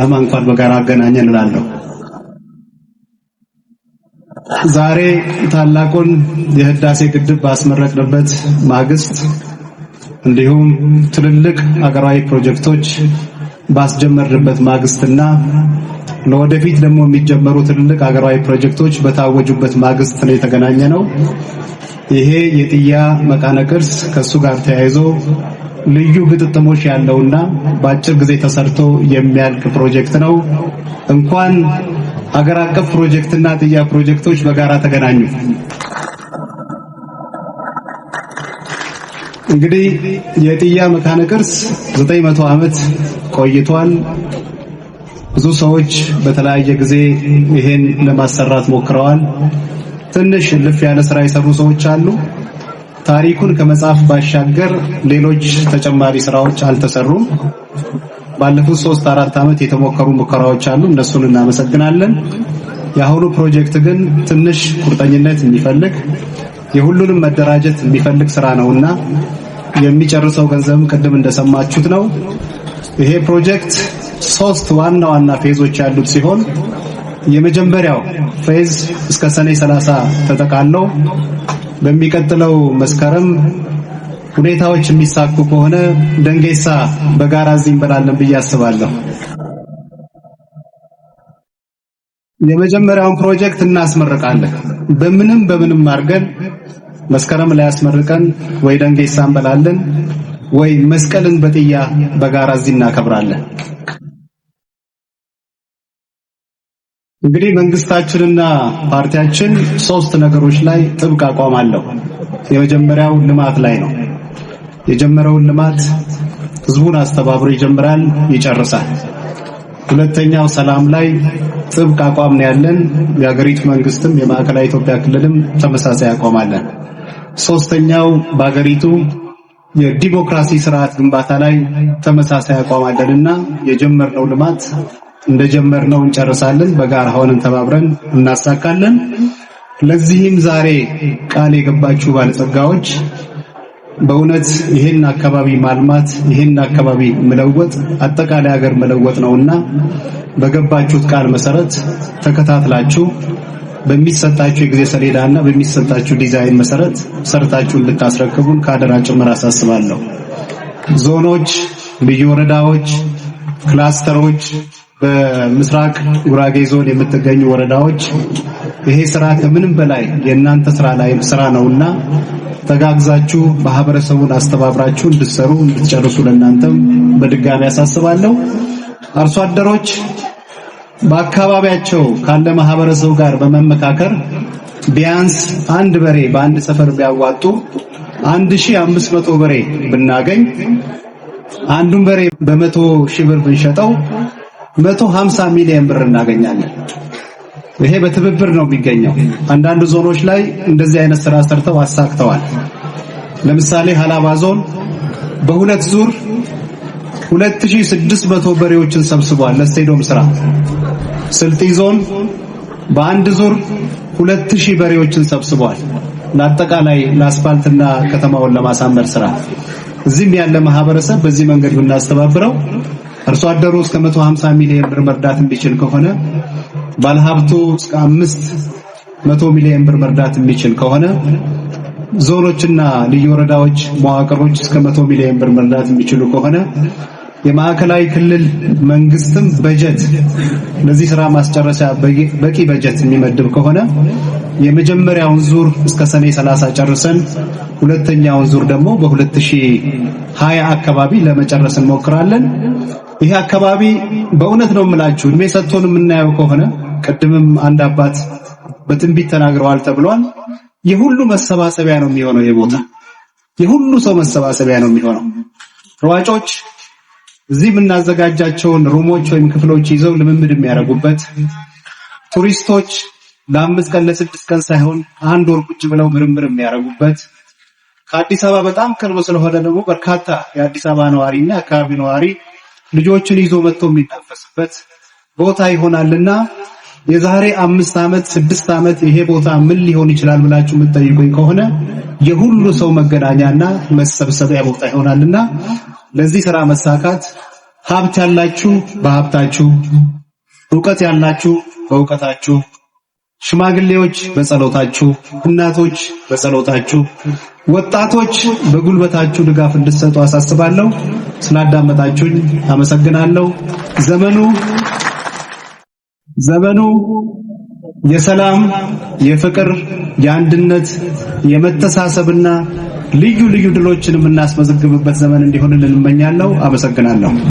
ለማ እንኳን በጋራ አገናኘን እላለሁ። ዛሬ ታላቁን የህዳሴ ግድብ ባስመረቅንበት ማግስት እንዲሁም ትልልቅ አገራዊ ፕሮጀክቶች ባስጀመርንበት ማግስትና ለወደፊት ደግሞ የሚጀመሩ ትልልቅ አገራዊ ፕሮጀክቶች በታወጁበት ማግስት ነው የተገናኘ ነው። ይሄ የጥያ መቃነ ቅርስ ከእሱ ጋር ተያይዞ ልዩ ግጥጥሞች ያለውና በአጭር ጊዜ ተሰርቶ የሚያልቅ ፕሮጀክት ነው። እንኳን ሀገር አቀፍ ፕሮጀክትና ጥያ ፕሮጀክቶች በጋራ ተገናኙ። እንግዲህ የጥያ መካነ ቅርስ 900 ዓመት ቆይቷል። ብዙ ሰዎች በተለያየ ጊዜ ይሄን ለማሰራት ሞክረዋል። ትንሽ ልፍ ያለ ስራ የሰሩ ሰዎች አሉ። ታሪኩን ከመጻፍ ባሻገር ሌሎች ተጨማሪ ስራዎች አልተሰሩም። ባለፉት ሶስት አራት ዓመት የተሞከሩ ሙከራዎች አሉ። እነሱን እናመሰግናለን። የአሁኑ ፕሮጀክት ግን ትንሽ ቁርጠኝነት የሚፈልግ የሁሉንም መደራጀት የሚፈልግ ስራ ነውና የሚጨርሰው ገንዘብም ቅድም እንደሰማችሁት ነው። ይሄ ፕሮጀክት ሶስት ዋና ዋና ፌዞች ያሉት ሲሆን የመጀመሪያው ፌዝ እስከ ሰኔ 30 ተጠቃለው በሚቀጥለው መስከረም ሁኔታዎች የሚሳኩ ከሆነ ደንጌሳ በጋራ እዚህ እንበላለን ብዬ አስባለሁ። የመጀመሪያውን ፕሮጀክት እናስመርቃለን። በምንም በምንም አድርገን መስከረም ላይ አስመርቀን ወይ ደንጌሳ እንበላለን ወይ መስቀልን በጥያ በጋራ እዚህ እናከብራለን። እንግዲህ መንግስታችንና ፓርቲያችን ሶስት ነገሮች ላይ ጥብቅ አቋም አለው። የመጀመሪያው ልማት ላይ ነው። የጀመረውን ልማት ህዝቡን አስተባብሮ ይጀምራል፣ ይጨርሳል። ሁለተኛው ሰላም ላይ ጥብቅ አቋም ነው ያለን። የሀገሪቱ መንግስትም የማዕከላዊ ኢትዮጵያ ክልልም ተመሳሳይ አቋም አለን። ሶስተኛው በሀገሪቱ የዲሞክራሲ ስርዓት ግንባታ ላይ ተመሳሳይ አቋም አለንና የጀመርነው ልማት እንደጀመርነው እንጨርሳለን። በጋራ ሆነን ተባብረን እናሳካለን። ለዚህም ዛሬ ቃል የገባችሁ ባለጸጋዎች በእውነት ይህን አካባቢ ማልማት ይህን አካባቢ መለወጥ አጠቃላይ ሀገር መለወጥ ነውና በገባችሁት ቃል መሰረት ተከታትላችሁ በሚሰጣችሁ የጊዜ ሰሌዳና በሚሰጣችሁ ዲዛይን መሰረት ሰርታችሁ እንድታስረክቡን ከአደራ ጭምር አሳስባለሁ። ዞኖች፣ ልዩ ወረዳዎች፣ ክላስተሮች በምስራቅ ጉራጌ ዞን የምትገኙ ወረዳዎች ይሄ ስራ ከምንም በላይ የእናንተ ስራ ላይ ስራ ነውና ተጋግዛችሁ ማህበረሰቡን አስተባብራችሁ እንድትሰሩ እንድትጨርሱ ለእናንተም በድጋሚ ያሳስባለሁ። አርሶ አደሮች በአካባቢያቸው ካለ ማህበረሰቡ ጋር በመመካከር ቢያንስ አንድ በሬ በአንድ ሰፈር ቢያዋጡ 1500 በሬ ብናገኝ አንዱን በሬ በመቶ ሺህ ብር ብንሸጠው መቶ ሀምሳ ሚሊዮን ብር እናገኛለን። ይሄ በትብብር ነው የሚገኘው። አንዳንድ ዞኖች ላይ እንደዚህ አይነት ስራ ሰርተው አሳክተዋል። ለምሳሌ ሀላባ ዞን በሁለት ዙር 2600 በሬዎችን ሰብስቧል ለስቴዶም ስራ። ስልጢ ዞን በአንድ ዙር 2000 በሬዎችን ሰብስቧል ለአጠቃላይ ለአስፋልትና ከተማውን ለማሳመር ስራ። እዚህም ያለ ማህበረሰብ በዚህ መንገድ ብናስተባብረው አርሶ አደሩ እስከ 150 ሚሊዮን ብር መርዳት የሚችል ከሆነ ባለሀብቱ እስከ 500 ሚሊዮን ብር መርዳት የሚችል ከሆነ ዞኖችና ልዩ ወረዳዎች መዋቅሮች እስከ 100 ሚሊዮን ብር መርዳት የሚችሉ ከሆነ የማዕከላዊ ክልል መንግስትም በጀት ለዚህ ስራ ማስጨረሻ በቂ በጀት የሚመድብ ከሆነ የመጀመሪያውን ዙር እስከ ሰኔ 30 ጨርሰን ሁለተኛውን ዙር ደግሞ በ2020 አካባቢ ለመጨረስ እንሞክራለን። ይህ አካባቢ በእውነት ነው የምላችሁ፣ እድሜ ሰጥቶን የምናየው ከሆነ ቅድምም አንድ አባት በትንቢት ተናግረዋል ተብሏል። የሁሉ መሰባሰቢያ ነው የሚሆነው። የቦታ የሁሉ ሰው መሰባሰቢያ ነው የሚሆነው። ሯጮች እዚህ የምናዘጋጃቸውን ሩሞች ወይም ክፍሎች ይዘው ልምምድ የሚያደርጉበት፣ ቱሪስቶች ለአምስት ቀን ለስድስት ቀን ሳይሆን አንድ ወር ቁጭ ብለው ምርምር የሚያደርጉበት ከአዲስ አበባ በጣም ቅርብ ስለሆነ ደግሞ በርካታ የአዲስ አበባ እና የአካባቢ ነዋሪ ልጆችን ይዞ መጥቶ የሚታፈስበት ቦታ ይሆናልና የዛሬ አምስት ዓመት ስድስት ዓመት ይሄ ቦታ ምን ሊሆን ይችላል ብላችሁ የምትጠይቁኝ ከሆነ የሁሉ ሰው መገናኛና መሰብሰቢያ ቦታ ይሆናልና ለዚህ ስራ መሳካት ሀብት ያላችሁ በሀብታችሁ፣ እውቀት ያላችሁ በእውቀታችሁ፣ ሽማግሌዎች በጸሎታችሁ፣ እናቶች በጸሎታችሁ፣ ወጣቶች በጉልበታችሁ ድጋፍ እንድትሰጡ አሳስባለሁ። ስላዳመጣችሁኝ አመሰግናለሁ። ዘመኑ ዘመኑ የሰላም፣ የፍቅር፣ የአንድነት፣ የመተሳሰብና ልዩ ልዩ ድሎችን የምናስመዘግብበት ዘመን እንዲሆንልን እመኛለሁ። አመሰግናለሁ።